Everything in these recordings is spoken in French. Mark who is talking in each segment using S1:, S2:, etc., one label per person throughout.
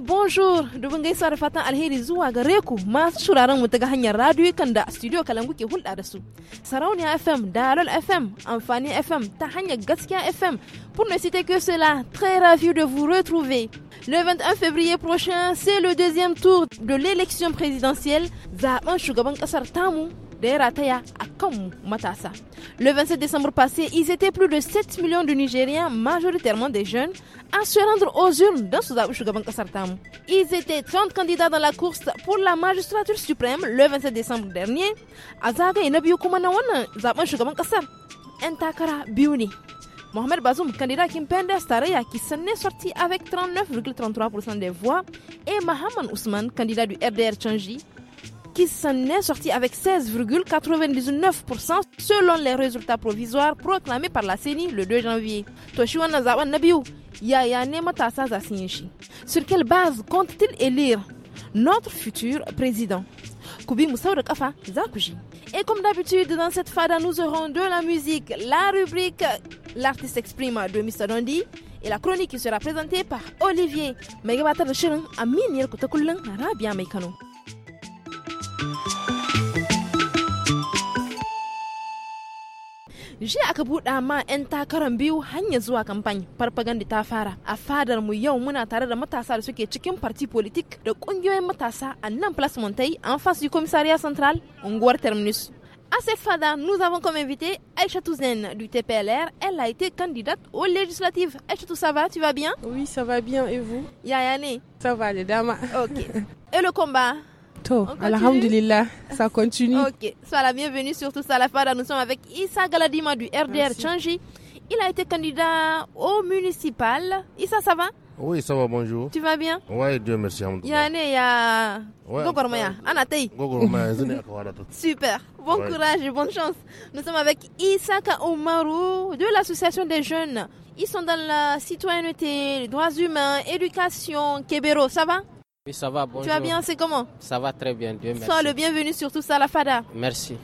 S1: bonjour je gaisuwa da fatan alheri zuwa gare ku masu shuraren mu ta ga radio kan da studio Kalangu ke hulɗa da su. Sarauniya FM, Dalol FM, Amfani FM, ta hanyar gaskiya FM. Pour ne citer que cela, très ravi de vous retrouver. Le 21 février prochain, c'est le deuxième tour de l'élection présidentielle. Zaben shugaban kasar tamu le 27 décembre passé, ils étaient plus de 7 millions de Nigériens, majoritairement des jeunes, à se rendre aux urnes dans Shugaban Ils étaient 30 candidats dans la course pour la magistrature suprême le 27 décembre dernier. Azaga Mohamed Bazoum, candidat Kim Stareya, qui s'en est sorti avec 39,33% des voix, et Mahaman Ousmane, candidat du RDR Changi, qui s'en est sorti avec 16,99% selon les résultats provisoires proclamés par la CENI le 2 janvier. Sur quelle base compte-t-il élire notre futur président Kafa Et comme d'habitude, dans cette fada, nous aurons de la musique, la rubrique L'artiste exprime de Mr. Dondi et la chronique qui sera présentée par Olivier. Mais il y jiya aka buɗa ma 'yan takarar biyu hanya zuwa kamfani farfaganda ta fara a fadar mu yau muna tare da matasa da suke cikin parti politik da ƙungiyoyin matasa a nan place montai en face du commissariat central unguwar terminus À cette fada, nous avons comme invité Aïcha Touzen du TPLR. Elle a été candidate aux législatives. Aïcha, tout ça va Tu vas bien Oui, ça va bien. Et vous Yayane Ça va, les dames. Ok. Et le combat
S2: Alhamdulillah, ça continue. ok,
S1: sois la bienvenue sur tout ça. la Fada. Nous sommes avec Issa Galadima du RDR Changi. Il a été candidat au municipal. Issa, ça va
S3: Oui, ça va, bonjour. Tu vas bien Oui, Dieu merci.
S1: Yane, ya. Gogormaya, Anatei. Gogormaya, Super, bon courage et bonne chance. Nous sommes avec Issa Omaru de l'association des jeunes. Ils sont dans la citoyenneté, les droits humains, éducation, Kébéro, ça va
S4: oui, ça va, bonjour. Tu vas bien, c'est comment Ça va très bien, Dieu merci. Sois le
S1: bienvenu sur tout ça, la fada. Merci.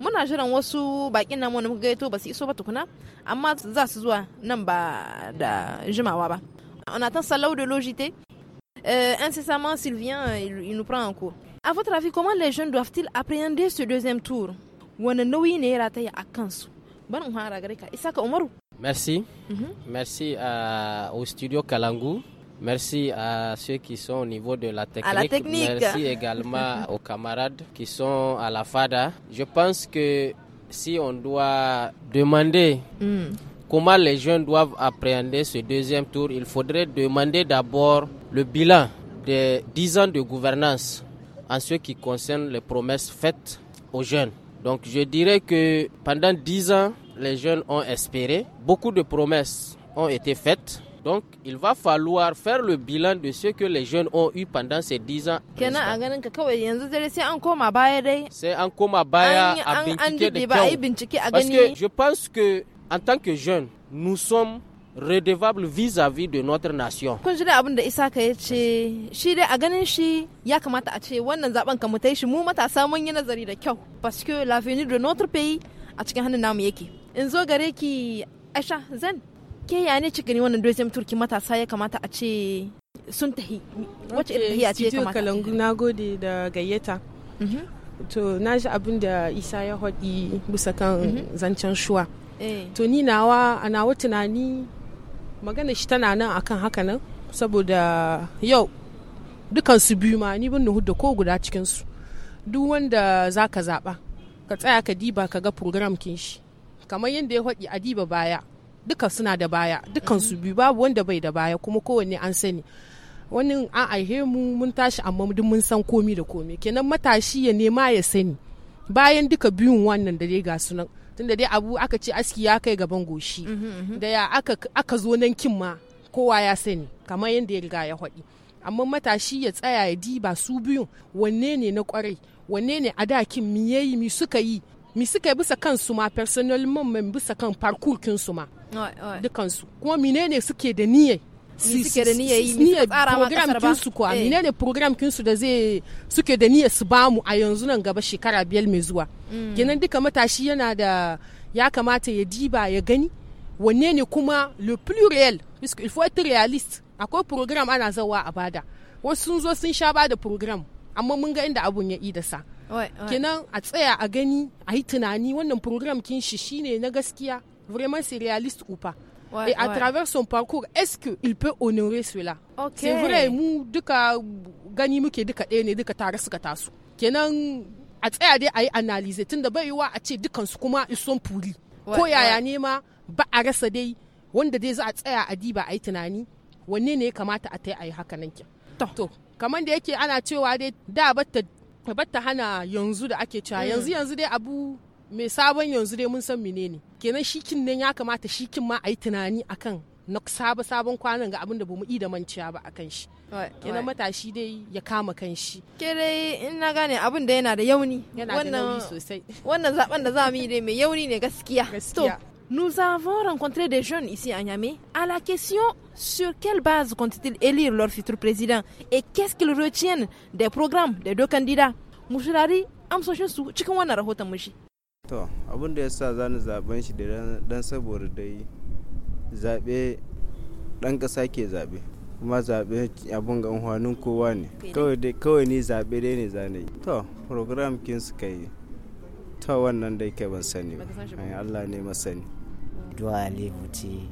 S1: Mon jiran wasu bakin bah, namu bah, da muka gaito ba su iso ba tukuna amma za su zuwa nan ba da jimawa ba on attend Salah de Logité euh, incessamment s'il vient il, nous prend en cours à votre avis comment les jeunes doivent-ils appréhender ce deuxième tour Wana nauyi ne ya rataya a kansu bari gare ka isaka umaru merci mm
S4: merci à, euh, au studio kalangu Merci à ceux qui sont au niveau de la technique. Merci également aux camarades qui sont à la FADA. Je pense que si on doit demander hmm. comment les jeunes doivent appréhender ce deuxième tour, il faudrait demander d'abord le bilan des dix ans de gouvernance en ce qui concerne les promesses faites aux jeunes. Donc je dirais que pendant dix ans, les jeunes ont espéré, beaucoup de promesses ont été faites, donc, il va falloir faire le bilan de ce que les jeunes ont eu pendant ces 10 ans. C'est Parce que je pense que, en tant que jeunes, nous sommes redevables vis-à-vis de notre nation.
S1: Parce que l'avenir de notre pays a ke ya ne cikin wannan dozem turki matasa ya kamata a ce
S2: sun tahi wacce irin tahi ce ya kamata na gode da gayyata mhm. to na ji abin da isa ya haɗi bisa kan mhm. zancen shuwa eh. to ni nawa a nawa tunani magana shi tana nan akan haka nan saboda yau dukan su biyu ma ni bin da ko guda cikinsu duk wanda za ka zaɓa ka tsaya ka diba ka ga program kin shi kamar yadda ya haɗi a diba baya duka suna da baya dukan su mhm. biyu babu wanda bai da baya kuma kowanne an sani wani an aihe mu mun tashi amma duk mun san komi da komi kenan matashi ya nema ya sani bayan duka biyun wannan da dai ga sunan da dai abu aka ce aski ya kai gaban goshi mhm, mhm. da ya aka zo nan kin ma kowa ya sani kamar yadda ya riga ya haɗi amma matashi ya tsaya ya diba su biyun wanne ne na kwarai wanne ne a dakin mi yayi mi suka yi mi suka yi bisa kansu ma personal man bisa kan parkour ma dukansu kuma menene suke da niyyai suke da niyya yi niyya program kinsu kuwa eh. mine ne program kinsu da zai suke da niyya su bamu a yanzu nan gaba shekara biyar mai zuwa mm. kenan duka matashi yana da ya kamata ya diba ya gani wanne ne kuma le plus réel il faut être réaliste akwai program ana zawa a bada wasu sun zo sun sha bada program amma mun ga inda abun ya da sa kenan a tsaya a gani a yi tunani wannan program kin shi shine na gaskiya vraiment c'est réaliste ou pas. Ouais, et à ouais. travers son parcours, est-ce qu'il peut honorer cela okay. C'est vrai, mu duka gani muke duka ɗaya ne duka tare suka taso. Kenan a tsaya dai a yi analyse tunda bai yiwa a ce dukansu kuma ils sont pourris. Ko yaya ne ma ba a rasa dai wanda dai za a tsaya a diba a yi tunani wanne ne ya kamata a ta yi a yi haka nan To, kamar da yake ana cewa dai da batta batta hana yanzu da ake cewa mm. yanzu yanzu dai abu mai sabon yanzu dai mun san menene kenan shikin nan ya kamata shikin ma a yi tunani akan na sabon sabon kwanan ga abinda bamu da manciya ba a kan shi kenan matashi dai ya kama kan shi ke dai
S1: in na gane abin da yana da yauni
S2: wannan sosai
S1: wannan zaben da zamu yi dai mai yauni ne gaskiya gaskiya Nous avons rencontré des jeunes ici à Niamey à la question sur quelle base comptent-ils élire leur futur président et qu'est-ce qu'ils retiennent des programmes des deux candidats. Mouchirari, am soshin su cikin wannan rahoton mushi.
S5: To, abin da ya sa za ni zaben shi dan saboda dai zaɓe ɗan ƙasa ke zaɓe. kuma zaɓe abin ga unhwanin kowa ne kawai ni zaɓe dai ne zane to program kin suka yi ta wannan dai kai ban sani ba Allah ne masani
S6: doit aller voter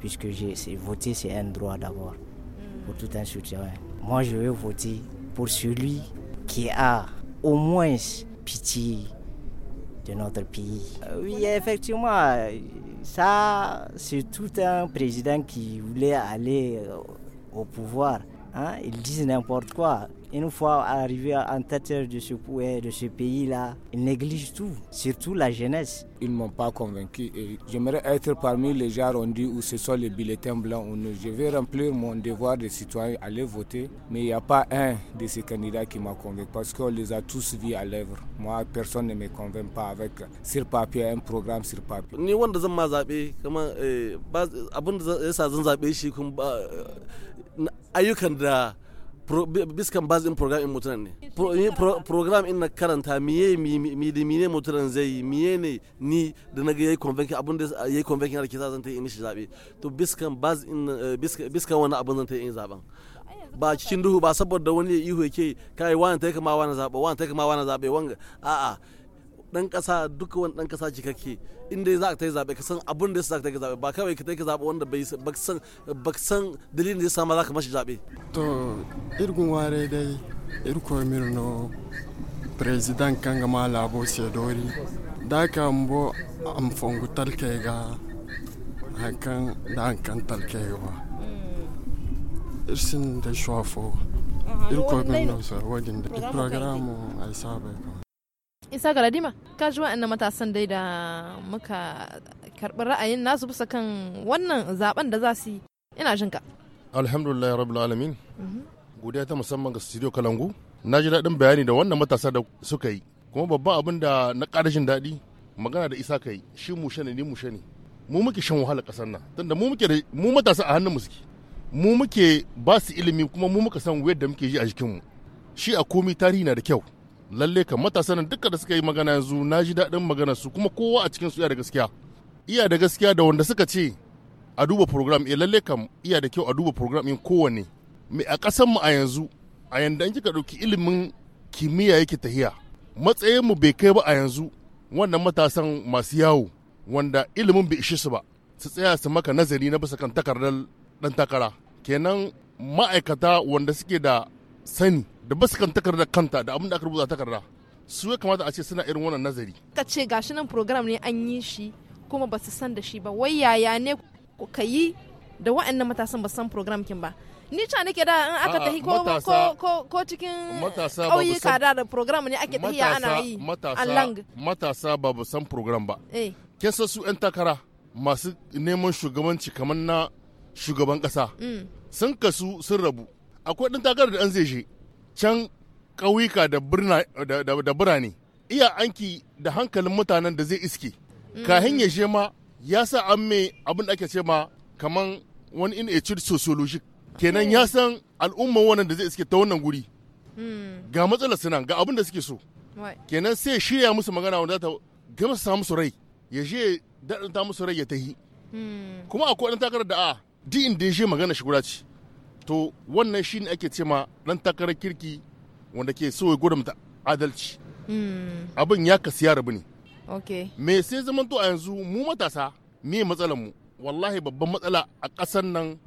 S6: puisque j'ai voter c'est un droit d'abord hmm. pour tout un citoyen moi je vais voter pour celui qui a au moins pitié de notre pays. Euh, oui, effectivement, euh, ça, c'est tout un président qui voulait aller euh, au pouvoir. Hein. Ils disent n'importe quoi. Une fois arrivé en tête de ce, euh, de ce pays-là, ils négligent tout, surtout la jeunesse. Ils ne m'ont pas convaincu j'aimerais être
S7: parmi les gens rendus où ce sont les bulletins blancs ou non. Je vais remplir mon devoir de citoyen, aller voter, mais il n'y a pas un de ces candidats qui m'a convaincu parce qu'on les a tous vus à l'œuvre. Moi, personne ne me convainc pas avec sur papier un programme sur papier. Ni ma eh, biskan bazin program in mutunan ne program in na karanta miye mi mine mutunan zai yi miye ne ni da na ga yayi convention abin da yayi convention da ke sa zan ta yi shi zabe to biskan baz in eh, biskan wani abin zan ta yi zaben ba cikin duhu ba saboda wani ihu yake kai wani ta ma wani zabe wani ta ma wani zabe wanga a'a dan kasa duka wani dan kasa cikakke in dai za ka yi zabe ka san abun da ya za ka yi zabe ba kawai ka yi zabe wanda bai san ba dalilin da ya sama za ka mashi zabe
S3: to irgun ware dai irko mirno president kanga ma labo sedori da ka mbo am fongu talke ga hakan da kan talke wa hmm. irsin da shwafo
S2: irko mirno sa wadin da programo
S3: ai sabe ka
S1: isa galadima ka ji wa'annan matasan dai da muka karɓi ra'ayin nasu bisa kan wannan zaben da za su yi ina jinka.
S3: alhamdulillah rabbil alamin mhm. godiya ta musamman ga studio kalangu na ji daɗin bayani da wannan matasa da suka yi kuma babban abin da na ƙara jin daɗi magana da isa ka yi shi mushe ne ni mushe ne mu muke shan wahala ƙasar nan tunda mu muke mu matasa a hannun mu suke mu muke ba su ilimi kuma mu muka san wayar da muke ji a jikinmu shi a komi tarihi na da kyau lalle kan matasan duka da suka yi magana yanzu na ji daɗin magana su kuma kowa a cikin su iya da gaskiya iya da gaskiya da wanda suka ce a duba program eh lalle kam iya da kyau a duba program in kowanne me a ƙasar mu a yanzu a yanda an kika ɗauki ilimin kimiyya yake tahiya matsayin mu bai kai ba a yanzu wannan matasan masu yawo wanda ilimin bai ishe su ba su tsaya su maka nazari na bisa kan takardar ɗan takara kenan ma'aikata wanda suke da sani da basu kan takarda kanta da abin da aka rubuta takarda su ya kamata a ce suna irin wannan nazari
S1: ka ce gashi nan program ne an yi shi kuma ba su san da shi ba wai yaya ne ka yi da wa'annan matasan ba san program kin ba ni ca nake da in aka tafi ko ko ko cikin ƙauyuka da da program ne ake tafiya ana yi a lang
S3: matasa ba ba san program ba eh. kin san su yan takara masu neman shugabanci kamar na shugaban kasa mm. sun kasu sun rabu akwai ɗin takarar da an zai je can ƙauyuka da birane iya anki da hankalin mutanen da zai iske mm-hmm. kahin ya je ma ya sa an mai abin da ake ce ma kaman wani in a sociologic kenan ya mm. san al'umman wannan da zai iske ta wannan guri mm. ga matsalar suna ga abin da suke so kenan sai shirya musu magana wanda ta gama su samu su rai ya je daɗanta musu rai ya tahi mm. kuma akwai ɗan takarar da a di da ya je magana shi guda ce to wannan shine ake ce ma dan takarar kirki wanda ke so ya mata adalci
S2: hmm.
S3: abin ya kasu ya rabu ne me sai zaman to a yanzu mu matasa me matsalar mu wallahi babban matsala a ƙasar nan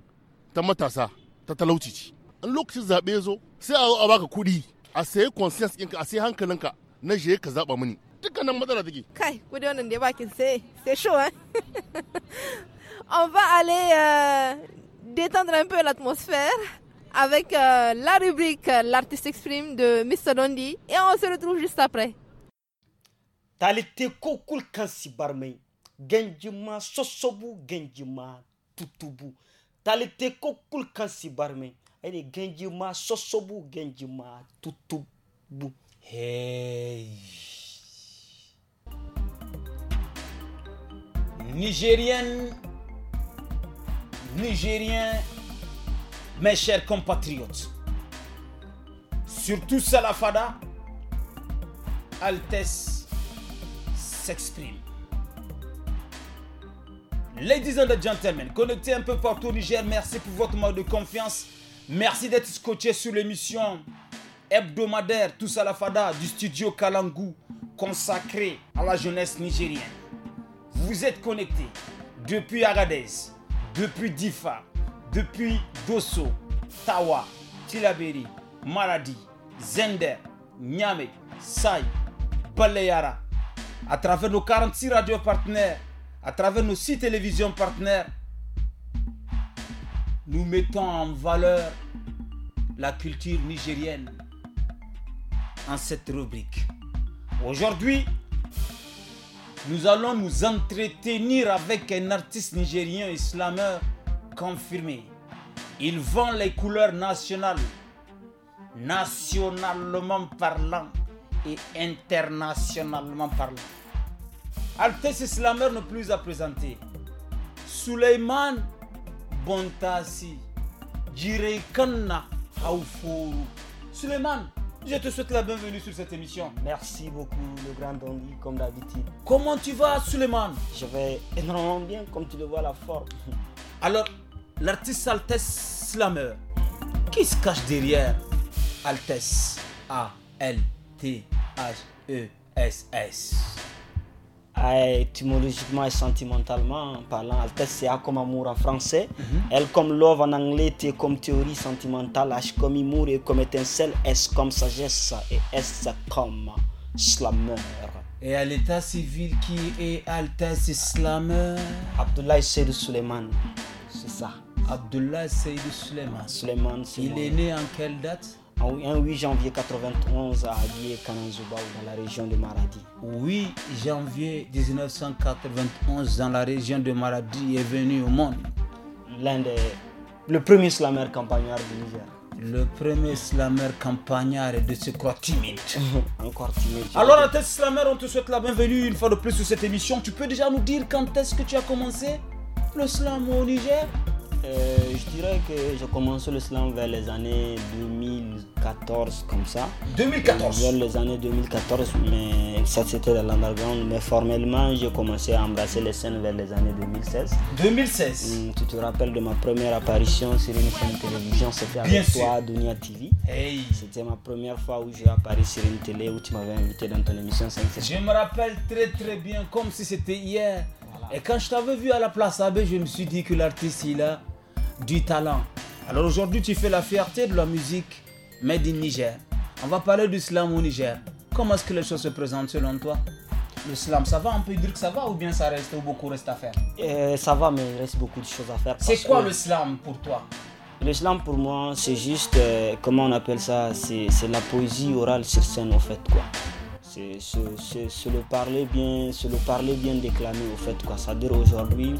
S3: ta matasa ta talauci ce in lokacin zaɓe zo sai a zo a baka kuɗi a sayi conscience ɗinka a sayi hankalinka na je ka
S1: zaɓa mini dukkanin matsala take kai kudi wannan da ya bakin sai sai showa eh? on va aller eh, détendre un peu l'atmosphère avec euh, la rubrique euh, L'artiste exprime de Mr. Dondi et on se retrouve juste après.
S5: Talite kokul kansi barmei, genjima sosobu
S6: genjima tutubu. Talite kokul kansi barmei, aine genjima sosobu genjima tutubu. Hey.
S7: Nigérienne Nigériens, mes chers compatriotes, surtout Salafada, Altesse s'exprime. Ladies and gentlemen, connectés un peu partout au Niger, merci pour votre mot de confiance. Merci d'être scotché sur l'émission hebdomadaire tout à Fada du studio Kalangu consacré à la jeunesse nigérienne. Vous êtes connectés depuis Agadez, depuis Difa, depuis Dosso, Tawa, Tilaberi, Maradi, Zender, NYAME, Sai, Baleyara, à travers nos 46 radios partenaires, à travers nos 6 télévisions partenaires, nous mettons en valeur la culture nigérienne en cette rubrique. Aujourd'hui, nous allons nous entretenir avec un artiste nigérien islameur confirmé. Il vend les couleurs nationales, nationalement parlant et internationalement parlant. Artiste islameur ne plus à présenter. Suleiman Bontasi, Jirekana Suleiman, je te souhaite la bienvenue sur cette émission. Merci beaucoup, le grand dandy, comme d'habitude. Comment tu vas, Suleiman Je vais énormément bien, comme tu le vois, la forme. Alors, l'artiste Altesse Slammer, qui se
S6: cache derrière Altesse A-L-T-H-E-S-S s s étymologiquement et sentimentalement en parlant, Altesse A comme amour en français, elle mhm. comme love en anglais, T comme théorie sentimentale, H comme humour et comme étincelle, S comme sagesse et S comme slammer.
S7: Et à l'état civil qui est Altesse Slammer Abdullah
S6: Seydou Suleiman, c'est ça. Abdullah Seydou Suleiman. Suleiman, Il est né en quelle date ah un 8 janvier 1991 à Aguier dans la région de
S7: Maradi. 8 janvier 1991 dans la région de Maradi est venu au monde. L'un des le premier slammer campagnard du Niger. Le premier slammer campagnard de ce croix timide. Encore Alors, la tête slammer, on te souhaite la bienvenue une fois de plus sur cette émission. Tu peux déjà nous dire quand est-ce que tu as commencé le slam au Niger
S6: euh, je dirais que j'ai commencé le slam vers les années 2014, comme ça. 2014 Vers les années 2014, mais ça c'était dans l'underground. Mais formellement, j'ai commencé à embrasser les scènes vers les années 2016. 2016 hum, Tu te rappelles de ma première apparition sur une chaîne télévision C'était avec toi, Dunia TV. Hey. C'était ma première fois où j'ai apparu sur une télé où tu m'avais invité dans ton émission 5 Je me
S7: rappelle très très bien, comme si c'était hier. Et quand je t'avais vu à la place AB, je me suis dit que l'artiste, il a du talent. Alors aujourd'hui, tu fais la fierté de la musique Made in Niger. On va parler du slam au Niger. Comment est-ce que les choses se présentent selon toi le slam, ça va On peut dire que ça va ou bien ça reste ou beaucoup reste à faire
S6: eh, Ça va, mais il reste beaucoup de choses à faire. C'est quoi le slam pour toi Le slam pour moi, c'est juste, euh, comment on appelle ça C'est la poésie orale sur scène, au fait, quoi. C'est se le parler bien, se le parler bien déclamé, au fait, quoi. Ça aujourd'hui,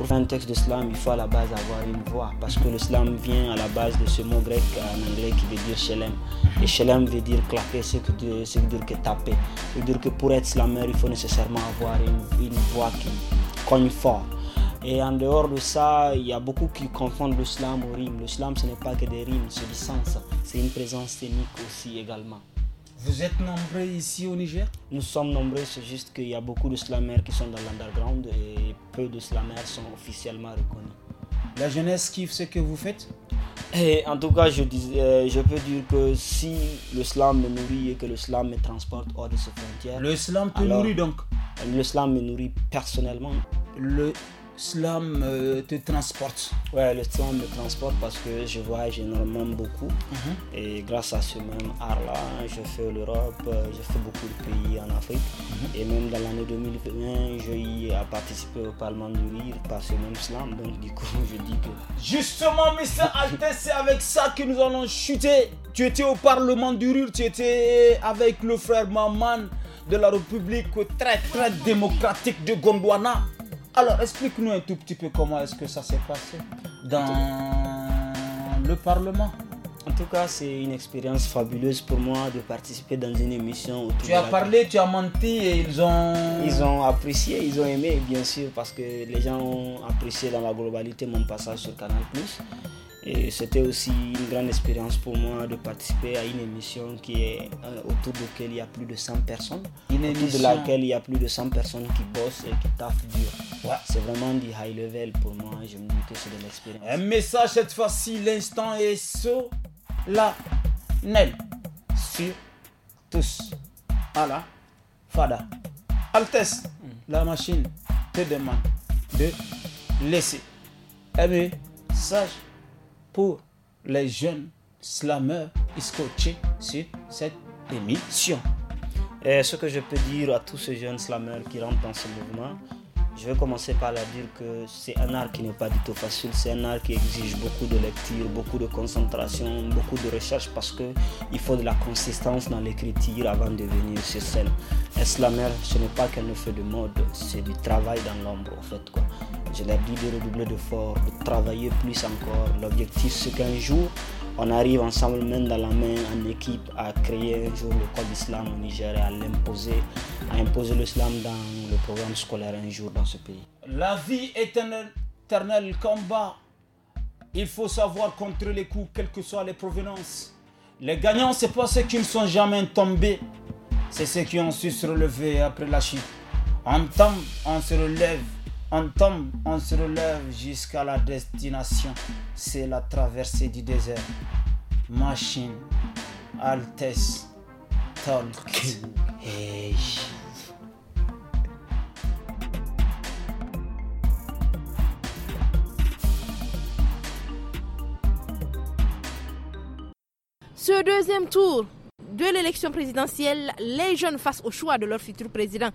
S6: pour faire un texte de slam, il faut à la base avoir une voix. Parce que le slam vient à la base de ce mot grec euh, en anglais qui veut dire shalem. Et shalem veut dire claquer, », c'est-à-dire dire que taper. cest veut dire que pour être slammer, il faut nécessairement avoir une, voix qui cogne fort. Et en dehors de ça, il y a beaucoup qui confondent le slam aux rimes. Le slam, ce n'est pas que des rimes, c'est du sens. C'est une présence scénique aussi également.
S7: Vous êtes nombreux ici au Niger
S6: Nous sommes nombreux, c'est juste qu'il y a beaucoup de slamers qui sont dans l'underground et peu de slamers sont officiellement reconnus. La jeunesse kiffe ce que vous faites et eh, En tout cas, je, euh, je peux dire que si le slam me nourrit et que le slam me transporte hors de ses frontières. Le slam te nourrit donc Le slam me nourrit personnellement. Le slam euh, te transporte Ouais, le slam me transporte parce que je voyage énormément beaucoup. Mhm. Et grâce à ce même art-là, je fais l'Europe, euh, je fais beaucoup de pays en Afrique. Mhm. Et même dans l'année 2021, j'ai participé au Parlement du Rire par ce même slam. Donc, du coup, je dis que. Justement, Mr. Altes, c'est avec ça que nous allons
S7: chuter. Tu étais au Parlement du Rire, tu étais avec le frère Maman de la République très très démocratique de Gondwana. Alors, explique-nous un tout petit peu comment est-ce que ça s'est passé dans le Parlement.
S6: En tout cas, c'est une expérience fabuleuse pour moi de participer dans une émission. Tu as parlé, tu as menti et ils ont... Ils ont apprécié, ils ont aimé, bien sûr, parce que les gens ont apprécié dans la globalité mon passage sur Canal+. Et c'était aussi une grande expérience pour moi de participer à une émission qui est euh, autour de laquelle il y a plus de 100 personnes. Une autour émission. de laquelle il y a plus de 100 personnes qui bossent et qui taffent dur. C'est vraiment du high level pour moi. Je me dis que c'est de l'expérience.
S7: Un message cette fois-ci, l'instant est solennel. Sur tous. Voilà. Fada. Altesse, mm. la machine te demande de laisser un message les jeunes
S6: slameurs scotchés sur cette émission. Et ce que je peux dire à tous ces jeunes slameurs qui rentrent dans ce mouvement, je vais commencer par la dire que c'est un art qui n'est pas du tout facile, c'est un art qui exige beaucoup de lecture, beaucoup de concentration, beaucoup de recherche parce qu'il faut de la consistance dans l'écriture avant de venir sur scène. est ce n'est pas qu'elle ne fait de mode, c'est du travail dans l'ombre en fait. Quoi. Je leur dis de redoubler de de travailler plus encore. L'objectif c'est qu'un jour, on arrive ensemble, main dans la main, en équipe, à créer un jour l'école code islam au Niger et à l'imposer, à imposer l'islam dans le programme scolaire un jour dans ce pays.
S7: La vie est un éternel combat. Il faut savoir contrer les coups, quelles que soient les provenances. Les gagnants, ce n'est pas ceux qui ne sont jamais tombés, c'est ceux qui ont su se relever après la chute. En temps, on se relève. On tombe, on se relève jusqu'à la destination. C'est la traversée du désert. Machine, Altesse, Talk.
S1: Ce deuxième tour de l'élection présidentielle, les jeunes face au choix de leur futur président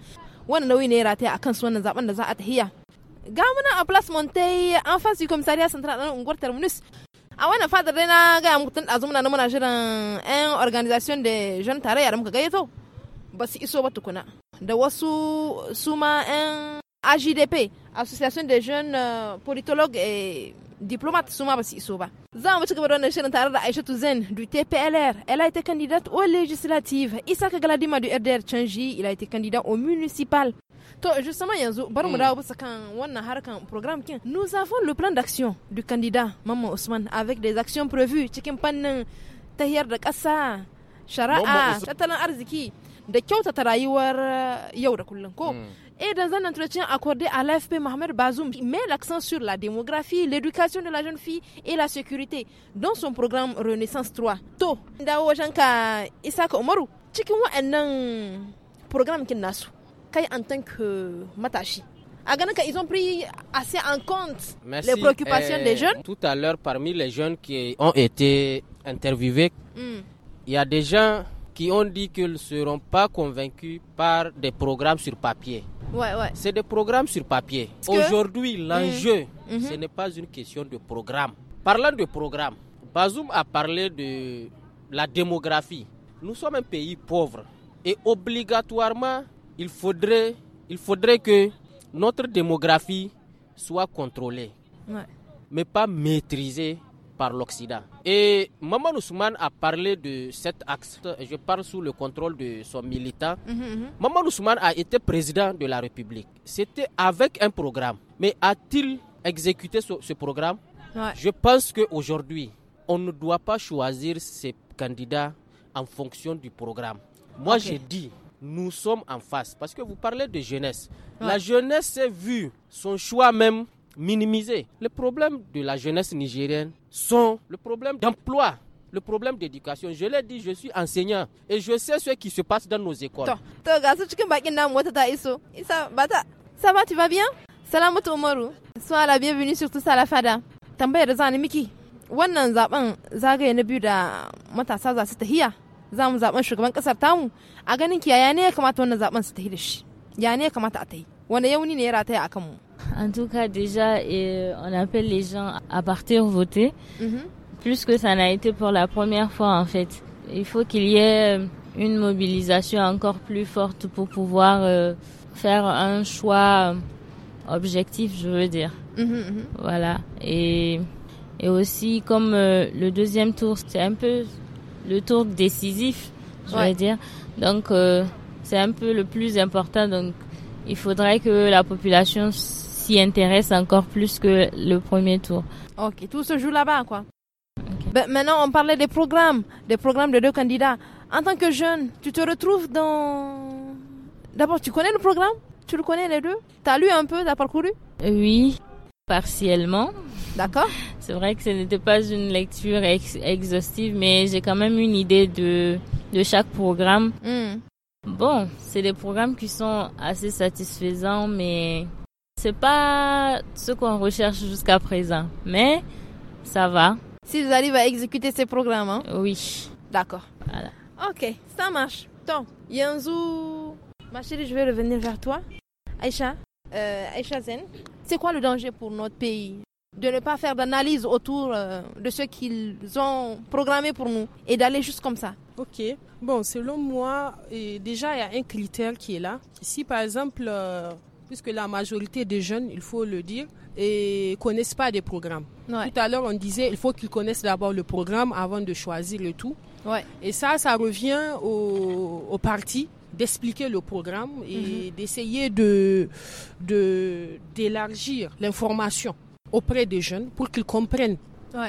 S1: gamana a place monté en face du commissariat central dans unguar terminus a ah wannan fadar dai na gaya muku na muna shirin en organisation des jeunes tarayya da muka gayyato ba su iso ba tukuna da wasu suma en agdp association des jeunes euh, politologues et diplomate suma basi su iso ba. Za mu ci gaba da wannan shirin tare da Aishatu Zain du TPLR. Elle a été candidate aux législatives. isaac Galadima du RDR Changi, il a été candidat au municipal. To justement yanzu bar mu mm. dawo bisa kan wannan harkan program kin. Nous avons le plan d'action du candidat Maman Ousmane avec des actions prévues cikin fannin tahiyar da ƙasa, shari'a, tattalin arziki da kyautata rayuwar eh, yau da kullum ko. Mm. Et dans un entretien accordé à l'AFP, Mohamed Bazoum met l'accent sur la démographie, l'éducation de la jeune fille et la sécurité dans son programme Renaissance 3. To, dawo wajen ka Isaka Umaru cikin wa'annan program kin nasu en tant que matashi ils ont pris assez en compte les préoccupations des eh, jeunes.
S4: Tout à l'heure, parmi les jeunes qui ont été interviewés, hmm. il y a des gens qui ont dit qu'ils ne seront pas convaincus par des programmes sur papier. Ouais, ouais. C'est des programmes sur papier. Aujourd'hui, l'enjeu, hmm. ce n'est pas une question de programme. Parlant de programme, Bazoum a parlé de la démographie. Nous sommes un pays pauvre et obligatoirement, il faudrait, il faudrait que notre démographie soit contrôlée, mais pas maîtrisée par l'Occident. Et Maman Ousmane a parlé de cet axe. Je parle sous le contrôle de son militant. Mhm, mhm. Maman Ousmane a été président de la République. C'était avec un programme. Mais a-t-il exécuté ce, programme Je pense qu'aujourd'hui, on ne doit pas choisir ses candidats en fonction du programme. Moi, j'ai dit nous sommes en face. Parce que vous parlez de jeunesse. La jeunesse s'est vue, son choix même minimisé. Le problème de la jeunesse nigérienne sont le problème d'emploi le problème d'éducation. Je l'ai dit, je suis enseignant et je sais ce qui se passe dans nos écoles.
S1: Ça va, tu vas bien Salam Sois la bienvenue sur tout ça la fada. miki. Wannan zaben zagaye na da matasa tahiya
S8: en tout cas déjà eh, on appelle les gens à partir voter mhm. plus que ça n'a été pour la première fois en fait il faut qu'il y ait euh, une mobilisation encore plus forte pour pouvoir euh, faire un choix euh, objectif, je veux dire. Mhm, mhm. Voilà. Et, et aussi, comme le deuxième tour, c'est un peu le tour décisif, je vais dire. Donc, euh, c'est un peu le plus important. Donc, il faudrait que la population s'y intéresse encore plus que le premier tour.
S1: Ok, tout se joue là-bas, quoi. Ben, maintenant, on parlait des programmes, des programmes de deux candidats. En tant que jeune, tu te retrouves dans... D'abord, tu connais le programme Tu le connais les deux T'as lu un peu, t'as parcouru euh, Oui.
S8: Partiellement. D'accord. C'est vrai que ce n'était pas une lecture exhaustive, mais j'ai quand même une idée de, de chaque programme. Hmm. Bon, c'est des programmes qui sont assez satisfaisants, mais c'est pas ce qu'on recherche jusqu'à présent. Mais ça va. Si vous arrivez à exécuter ces programmes, hein. Oui. D'accord. Voilà.
S1: Ok, ça marche. Donc, Yanzou, ma chérie, je vais revenir vers toi. Aïcha, Echazen. Euh, c'est quoi le danger pour notre pays de ne pas faire d'analyse autour euh, de ce qu'ils ont programmé pour
S2: nous et d'aller juste comme ça. Ok. Bon, selon moi, déjà, il y a un critère qui est là. Si, par exemple, euh, puisque la majorité des jeunes, il faut le dire, ne connaissent pas des programmes. Tout à l'heure, on disait il faut qu'ils connaissent d'abord le programme avant de choisir le tout. Ouais. Et ça, ça revient aux au parti d'expliquer le programme et mhm. d'essayer de d'élargir l'information auprès des jeunes pour qu'ils comprennent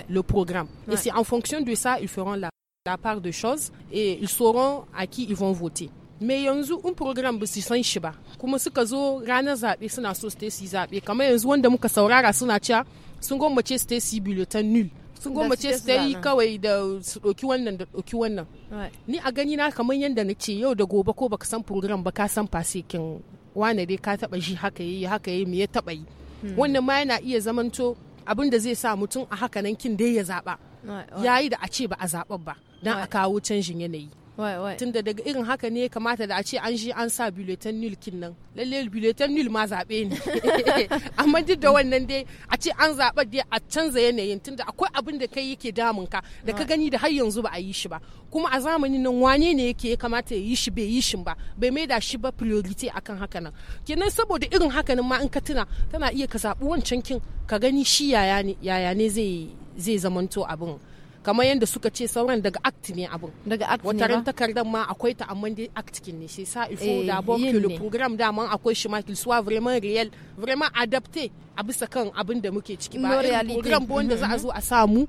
S2: le programme. Et c'est en fonction de ça ils feront la, la part de choses et ils sauront à qui ils vont voter. mais yanzu un programme ba su san shi ba kuma suka zo ranar zaɓe suna so su zaɓe kamar yanzu wanda muka saurara suna cewa sun gwammace su bulletin nul sun ce su yi kawai da su ɗoki wannan da ɗoki wannan ni a gani na kamar yadda na ce yau da gobe ko baka san program ba ka san fasikin wane dai ka taba shi haka yi haka yi me ya taba yi hmm. wannan ma yana iya zamanto abin da zai sa mutum a haka nan kin dai ya zaba yayi da a ce ba a zaɓar ba dan a kawo canjin yanayi tunda daga irin haka ne kamata da a ce an shi an sa bulletin nil kin nan lalle bulletin nil ma zaɓe ne amma duk da wannan dai a ce an zaɓa dai a canza yanayin tunda akwai abin da kai yake damun ka da ka gani da har yanzu ba a yi shi ba kuma a zamanin nan wane ne yake ya kamata ya yi shi bai yi shi ba bai mai da shi ba priority akan haka nan kenan saboda irin haka nan ma in ka tuna tana iya ka zaɓi wancan kin ka gani shi yaya ne yaya ne zai zai zamanto abin kamar yadda suka ce sauran daga act ne abin daga act ne wata takardar ma akwai ta amma dai act kin ne sai sa ifo eh, da bon program da man akwai shi ma qu'il soit vraiment réel vraiment adapté a bisa kan abin da muke ciki ba program wanda za a mm-hmm. zo a samu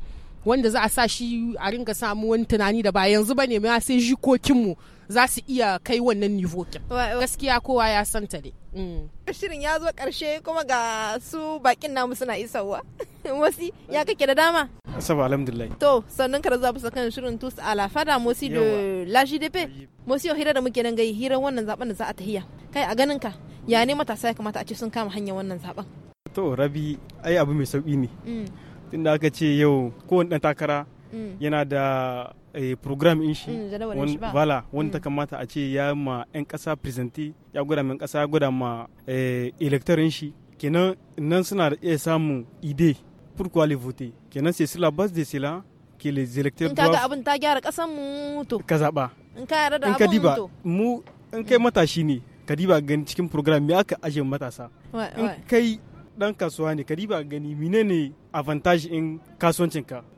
S2: wanda za a sa shi a ringa samu wani tunani da ba yanzu bane ma sai jikokin mu za su iya kai wannan nivokin
S1: gaskiya kowa ya santa ne mm. shirin ya zo karshe kuma ga su bakin namu suna isawa wasi ya kake da dama
S5: saba alhamdulillah
S1: to sannan ka za mu kan shirin tus alafada mosi da la mosi hira da muke nan gai hira wannan zaben da za a tahiya kai a ganin ka ya ne matasa ya kamata a ce sun kama hanyar wannan zaben
S5: to rabi ai abu mai sauki ne mm. tunda aka ce yau kowane dan takara mm. yana da Eh, program in shi mm, wala wani mm. ta kamata a ce ya ma 'yan kasa presenti ya gwada ma 'yan kasa ya gwada ma eh, in shi kenan nan suna iya samun ide pourquoi les voter kenan c'est sur la base de cela que les électeurs doivent in kaga abin
S1: ta gyara kasan mu to ka zaba in ka yarda da abin to
S5: mu in kai mm. matashi ne ka diba cikin program me aka aje matasa in kai dan kasuwa ne ka riba gani mine ne avantage in ka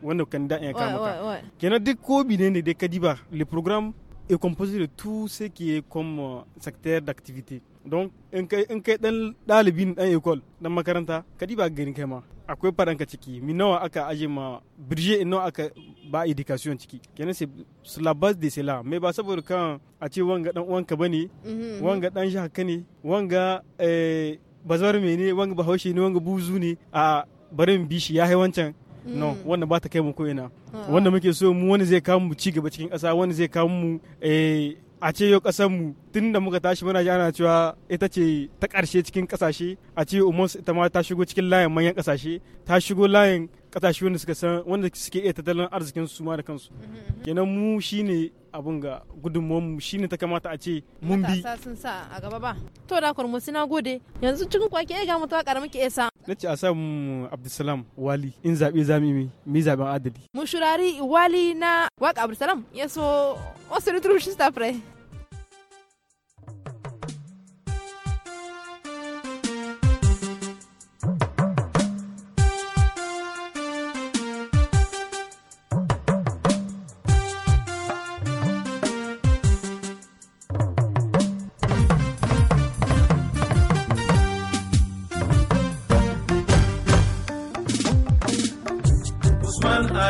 S5: wanda kan da ya kama ka kenan duk ko mine ne dai ka riba le programme est composé de tout ce qui est comme euh, secteur d'activité donc in kai in kai dan dalibin dan école dan makaranta ka diba gani kai ma akwai ka ciki mi nawa aka aje ma budget nawa aka ba education ciki kenan c'est sur la base de cela mais ba saboda kan a ce wanga dan uwanka bane mhm, mhm. wanga dan jaka ne wanga eh bazar mene wanga bahaushe ne wanga buzu ne a barin bishi ya wancan no mm. wanda ba ta kai mu ko'ina ah. wanda muke so mu wani zai kawo mu ci gaba cikin ƙasa wani zai kawo mu eh, a ce yau ƙasar mu tun da muka tashi muna ji ana cewa ita ce ta ƙarshe cikin ƙasashe a ce umar ita ma ta shigo cikin layin manyan ƙasashe ta shigo layin ƙasashe wanda suka san wanda suke iya tattalin arzikin su ma da kansu mm-hmm. kenan mu shine abun ga gudunmuwan mu shine ta kamata a ce mun bi
S1: sun sa a gaba ba to da kurmu suna gode yanzu cikin kwaki ai ga ta karamu ke sa
S5: na ce a sa mu abdulsalam wali in zaɓe za mu yi zaɓen adali
S1: mu shurari wali na waka abdulsalam ya so wasu ritrushin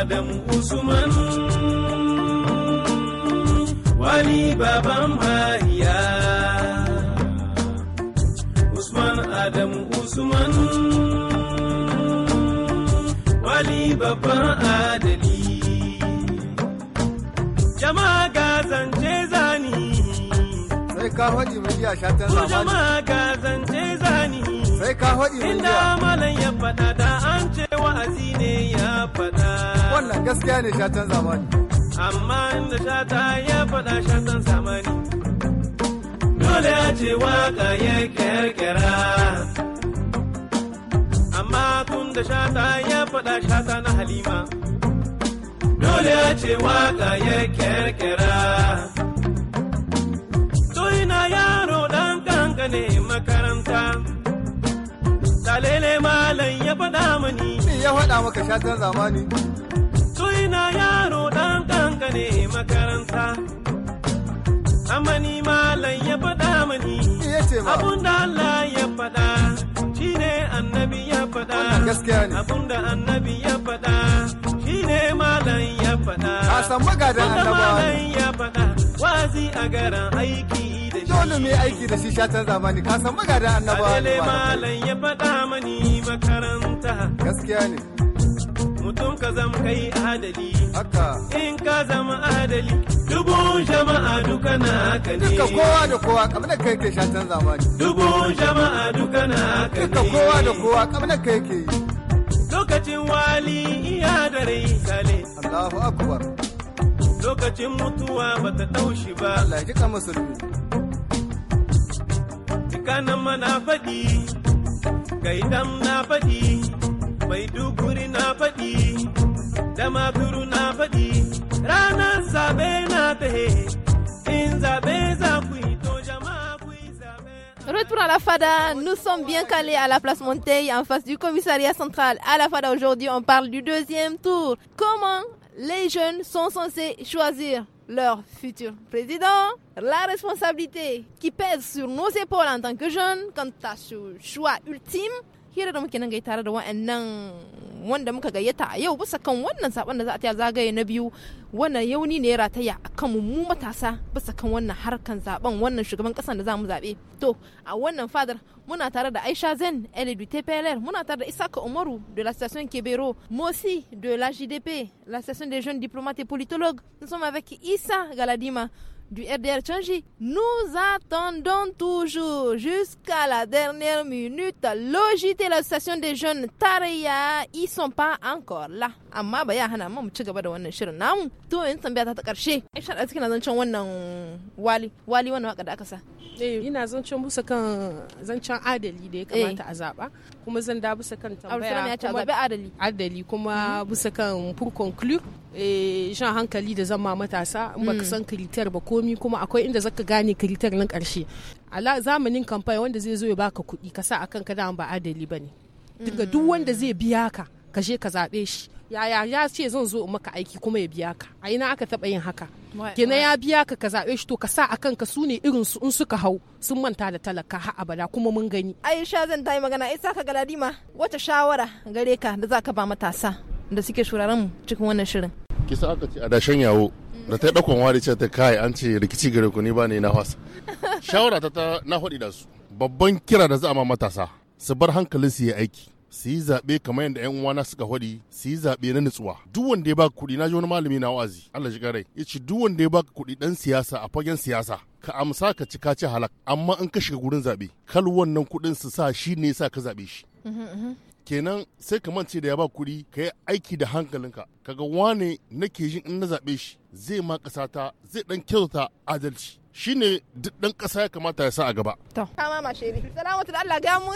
S9: Adam Usman wani baban mahiya Usman Adam Usman wani babban adali jama'a ga zance zani sai ka faɗi miliya shatan zamani jama'a ga zance zani sai ka faɗi miliya inda malam ya faɗa da an ce wa'azi ne ya wannan gaskiya ne shatan zamani amma inda shata ya faɗa shatan zamani dole ya ce waka ya kirkira amma tun da shata ya faɗa shata na halima dole ya ce waka ya kirkira ina yaro ɗan kankane makaranta talele malam ya faɗa mani me ya faɗa maka shatan zamani yaro ɗan ƙanƙane makaranta. Amani malam ya faɗa mani, abun da Allah ya faɗa, shi ne annabi ya faɗa, abun da annabi ya faɗa, shi ne malam ya faɗa. A san magadan annabawa. ya faɗa, wazi a garan aiki da shi. Dole mai aiki da shi shatan zamani, ka san magadan annabawa. Adele malam ya faɗa mani makaranta. Gaskiya ne. mutum ka zama kai adali haka in ka zama adali dubun jama'a duka na haka ne duka kowa da kowa kamar kai ke shatan zamani dubun jama'a duka na haka ne duka kowa da kowa kamar kai ke lokacin wali iya da rai sale Allahu akbar lokacin mutuwa ba ta taushi ba Allah ya kika musulmi dukkanin mana faɗi gaidan na faɗi mai duburi na faɗi
S1: Retour à la FADA, nous sommes bien calés à la place Monteil en face du commissariat central. À la FADA aujourd'hui, on parle du deuxième tour. Comment les jeunes sont censés choisir leur futur président, la responsabilité qui pèse sur nos épaules en tant que jeunes quant à ce choix ultime, hira da muke nan gai tare da wa'annan wanda muka gayyata a yau bisa kan wannan da za a ta zagaye na biyu wannan yauni ne a kan mu matasa bisa kan wannan harkan zaben wannan shugaban kasan da za mu to a wannan fadar muna tare da aisha zen muna tare da de la station kebero aussi, de la jdp la station des jeunes diplomates et politologues nous sommes avec Issa galadima du RDR Changi. Nous attendons toujours jusqu'à la dernière minute. Logité la station des jeunes Tareya, ils sont pas encore là. Amma ba ya hana mu ci gaba da wannan shirin namu. To yanzu tambaya
S2: ta karshe. Aisha da kina zancen wannan wali, wali wannan waka da aka sa. Eh, eh. ina zancen busa kan zancen adali da ya eh. kamata a zaba. Kuma zan da busa kan tambaya. Aure adali. Adali kuma mhm. busa kan pour conclure Eh, shan hankali da zama matasa in baka mm. san kiritar ba komi kuma akwai inda zaka gane kiritar na karshe ala zamanin kamfani wanda zai zo ya baka kuɗi ka sa akan ka ba adali ba ne. daga duk mm. wanda zai biya ka ka je ka zaɓe shi yaya ya ce zan zo maka aiki kuma ya biya ka a ina aka taba yin haka gina ya biya ka ka zaɓe shi to ka sa akan ka su ne irin su in suka hau sun manta da talaka ha abada kuma mun gani aisha zan ta magana isa ka galadima wata shawara
S1: gare ka da za ka ba matasa da suke shuraren cikin wannan shirin
S3: kisa aka ce a dashen yawo da ta dakon wari ce ta kai an ce rikici gare ku ni ba ne na wasa. shawara ta ta na hudi da su babban kira da za a ma matasa su bar hankalin su yi aiki su yi zaɓe kamar yadda 'yan uwana suka hudi su yi zaɓe na nutsuwa duk wanda ya baka kuɗi na ji wani malami na wa'azi Allah ji rai ya ce duk wanda ya baka kuɗi ɗan siyasa a fagen siyasa ka amsa ka ci ka ci halak amma in ka shiga gurin zaɓe kal wannan kuɗin su sa shi ne sa ka zaɓe shi mhm, mhm. kenan sai ka mance da ya ba kuri ka yi aiki da hankalinka kaga wane nake jin in na zaɓe shi zai ma ƙasata zai ɗan kyautata adalci shine duk ɗan ƙasa ya kamata ya sa a gaba.
S1: To, kama ma shiri. Salamatu da Allah ga mu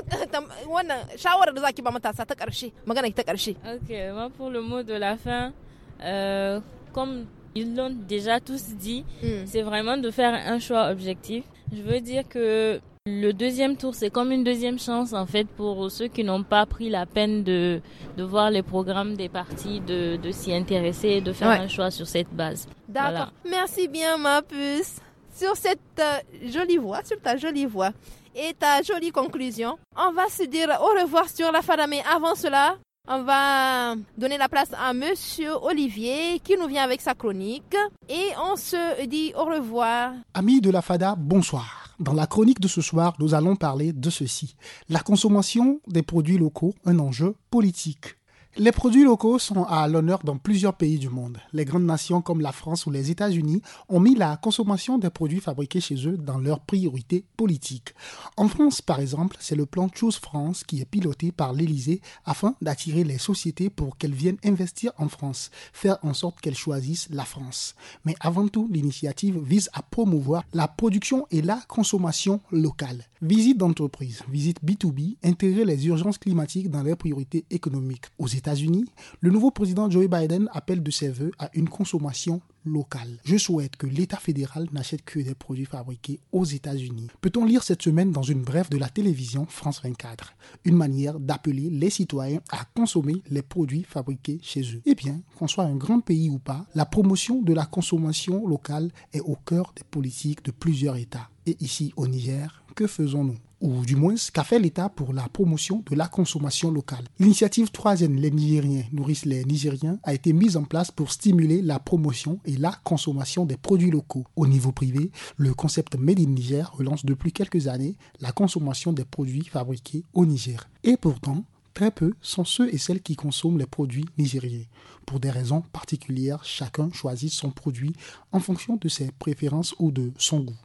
S1: wannan shawarar da zaki ba matasa ta ƙarshe,
S8: magana ki ta ƙarshe. Ok, moi pour le mot de la fin, euh, comme ils l'ont déjà tous dit, hmm. c'est vraiment de faire un choix objectif. Je veux dire que le deuxième tour, c'est comme une deuxième chance en fait pour ceux qui n'ont pas pris la peine de, voir les programmes des parties de, s'y intéresser et de faire un choix sur cette base. D'accord.
S1: Merci bien, ma puce. Sur cette euh, jolie voix, sur ta jolie voix et ta jolie conclusion, on va se dire au revoir sur la Fada, Mais avant cela, on va donner la place à Monsieur Olivier qui nous vient avec sa chronique et on se dit au revoir.
S10: Amis de la FADA, bonsoir. Dans la chronique de ce soir, nous allons parler de ceci. La consommation des produits locaux, un enjeu politique. Les produits locaux sont à l'honneur dans plusieurs pays du monde. Les grandes nations comme la France ou les États-Unis ont mis la consommation des produits fabriqués chez eux dans leurs priorités politiques. En France, par exemple, c'est le plan Choose France qui est piloté par l'Élysée afin d'attirer les sociétés pour qu'elles viennent investir en France, faire en sorte qu'elles choisissent la France. Mais avant tout, l'initiative vise à promouvoir la production et la consommation locale. Visite d'entreprise, visite B2B, intégrer les urgences climatiques dans leurs priorités économiques. Aux États unis le nouveau président Joe Biden appelle de ses voeux à une consommation locale. Je souhaite que l'État fédéral n'achète que des produits fabriqués aux États-Unis. Peut-on lire cette semaine dans une brève de la télévision France 24 Une manière d'appeler les citoyens à consommer les produits fabriqués chez eux. Eh bien, qu'on soit un grand pays ou pas, la promotion de la consommation locale est au cœur des politiques de plusieurs États. Et ici au Niger, que faisons-nous ou du moins ce qu'a fait l'État pour la promotion de la consommation locale. L'initiative troisième Les Nigériens nourrissent les Nigériens a été mise en place pour stimuler la promotion et la consommation des produits locaux. Au niveau privé, le concept Made in Niger relance depuis quelques années la consommation des produits fabriqués au Niger. Et pourtant, très peu sont ceux et celles qui consomment les produits nigériens. Pour des raisons particulières, chacun choisit son produit en fonction de ses préférences ou de son goût.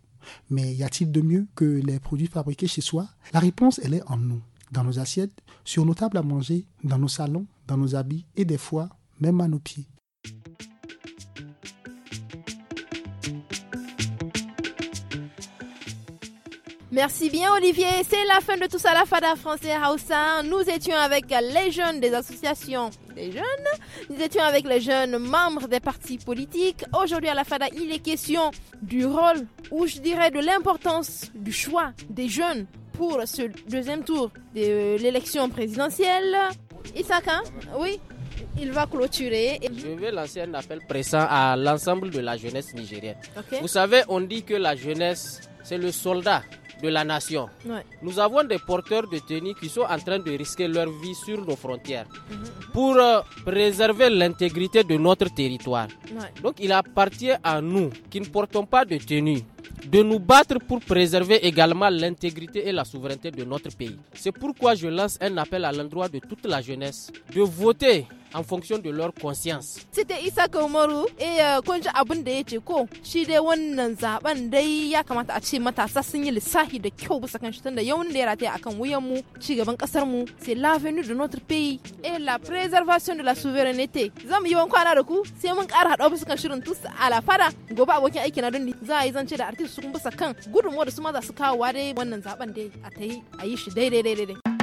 S10: Mais y a-t-il de mieux que les produits fabriqués chez soi La réponse, elle est en nous, dans nos assiettes, sur nos tables à manger, dans nos salons, dans nos habits et des fois même à nos pieds.
S1: Merci bien Olivier. C'est la fin de tout ça, la Fada français Hausa. Nous étions avec les jeunes des associations des jeunes. Nous étions avec les jeunes membres des partis politiques. Aujourd'hui à la Fada, il est question du rôle ou je dirais de l'importance du choix des jeunes pour ce deuxième tour de l'élection présidentielle. Isaka, hein? oui il va clôturer. Je vais lancer un appel
S4: pressant à l'ensemble de la jeunesse nigérienne. Vous savez, on dit que la jeunesse, c'est le soldat de la nation. Nous avons des porteurs de tenue qui sont en train de risquer leur vie sur nos frontières mhm, mhm. pour euh, préserver l'intégrité de notre territoire. Donc il appartient à nous qui ne portons pas de tenue de nous battre pour préserver également l'intégrité et la souveraineté de notre pays. C'est pourquoi je lance un appel à l'endroit de toute la jeunesse de voter en fonction de leur conscience
S1: c'était Isa Umaru eh, eh kun ji abin da yace ko shi dai wannan zaben dai ya kamata a ce matasa sun yi lissafi da kyau bisa kan shi tunda yawan da ya rataya akan wuyan mu ci gaban kasar mu c'est l'avenir de notre pays et la préservation de la souveraineté zamu yi wani kwana da ku sai mun ƙara haɗuwa bisa kan shirin tusa fara gobe abokin aiki na don ni za a yi zance da artist su kuma bisa kan gudunmuwa da su ma za su kawo dai wannan zaben dai a ta yi a yi shi daidai daidai